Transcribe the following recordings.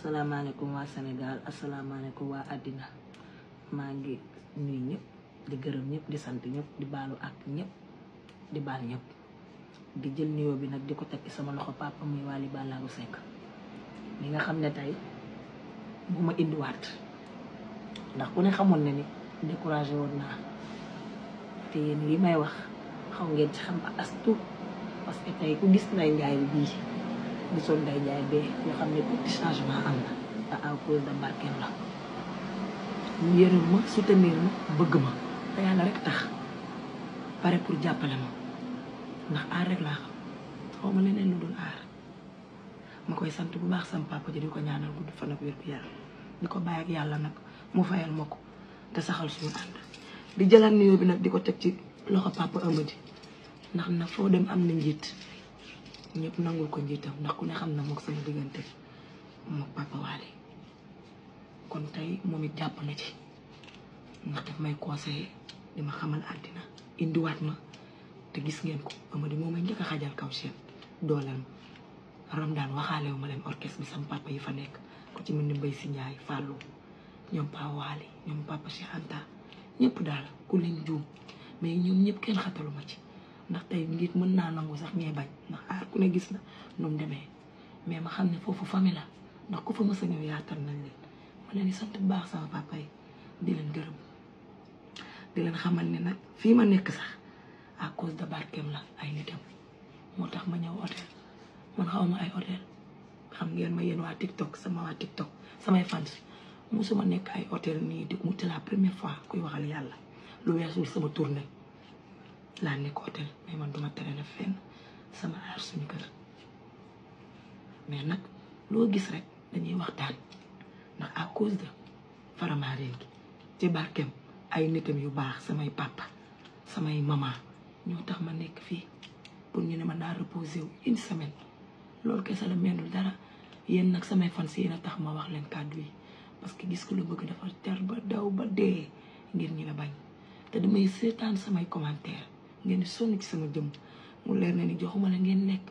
asalaamaaleykum waa Sénégal asalaamaaleykum waa àddina maa ngi nuyu ñëpp di gërëm ñépp di sant ñëpp di baalu ak ñépp di baal ñëpp di jël nuyoo bi nag di ko teg sama loxo papa muy Wally Ballago Seck li nga xam ne tey bu ma indiwaat ndax ku ne xamoon na ni découragé woon naa te yéen li may wax xaw ngeen ci xam ba as tuut parce que ku gis nay njaay bii. gisoon nday jaay bee nga xam ne petit changement am na la mu ma soutenir ma tax pare pour jàppale ma ndax aar rek laa koy sant bu baax sam papa ji ko ñaanal gudd fan ak wér gu yaram ko bàyyi yàlla nag mu fayal ma ko te saxal suñu ànd bi nag di ko teg ci loxo papa Amady ndax na foo dem am na njiit ñëpp nangul ko njiitam ndax ku ne xam na mook sama diggante mook Papa Wally kon tey moom it jàpp na ci ndax daf may conseillé di ma xamal àddina indiwaat ma te gis ngeen ko ama di moom ay njëkk xajal kaw seen dooleel ma Ramdaan waxaale wu ma leen orchestre bi sam papa yi fa nekk ku ci mën ni bay si Ndiaye Fallou ñoom Papa Wally ñoom Papa Cheikh Anta ñëpp daal ku leen juum mais ñoom ñëpp kenn xataluma ci ndax tey nit mën naa nangu sax ngay bañ ndax aar ku ne gis na nu mu demee mais ma xam ne foofu famille la ndax ku fa mës a ñëw yaatal nañ leen ma baax sama papa yi di leen gërëm di leen xamal ne nag fii ma nekk sax à cause de barkeem la ay moo tax ma ñëw hôtel xaw ma ay hôtel xam ngeen ma yéen waa TikTok sama waa TikTok samay fans musuma nekk ay hôtel nii di mu la première fois kuy waxal yàlla lu weesul sama tournée. laa nekk hôtel mais man duma tere la fenn sama aar suñu kër mais nag loo gis rek dañuy waxtaan ndax à cause de Faramareen gi ci barkeem ay nitam yu baax samay papa samay mama ñoo tax ma nekk fii pour ñu ne ma naa reposer wu une semaine loolu kese la mendul dara yéen nag samay fan si yéen a tax ma wax leen kàddu yi parce que gis ko lu bëgg dafa jar ba daw ba dee ngir ñi la bañ te damay seetaan samay commentaire ngeen sonn ci sama jëm mu leer na ni joxuma la ngeen lekk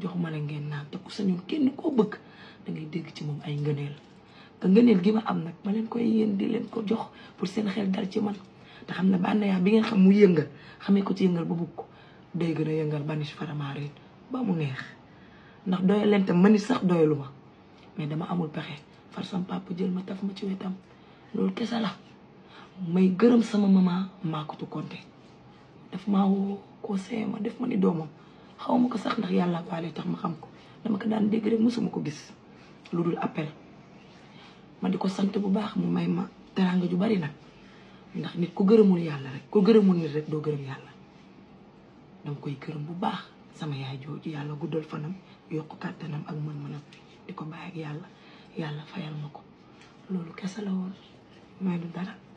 joxuma la ngeen naan te ku sañoon kenn koo bëgg da ngay dégg ci moom ay ngëneel te ngëneel gi ma am nag ma leen koy yéen di leen ko jox pour seen xel dal ci man te xam ne bànneex bi ngeen xam mu yëngal xamee ko ci yëngal ba bugg ko day gën a yëngal banish faramarin ba mu neex ndax doyal leen tam mani sax doyalu ma mais dama amul pexe far sam papa jël ma taf ma ci wetam loolu kese la may gërëm sama maman maa ko daf maa woo conseillé ma def ma ni doomam xaw ma ko sax ndax yàlla baale tax ma xam ko dama ko daan dégg rek mosuma ko gis lu dul appel ma di ko sant bu baax mu may ma teraanga ju bari nag ndax nit ku gërëmul yàlla rek ku gërëmul nit rek doo gërëm yàlla dama koy gërëm bu baax sama yaay jooju yàlla guddal fanam yokk kàttanam ak mën-mënam di ko bàyyi ak yàlla yàlla fayal ma ko loolu kese la woon may du dara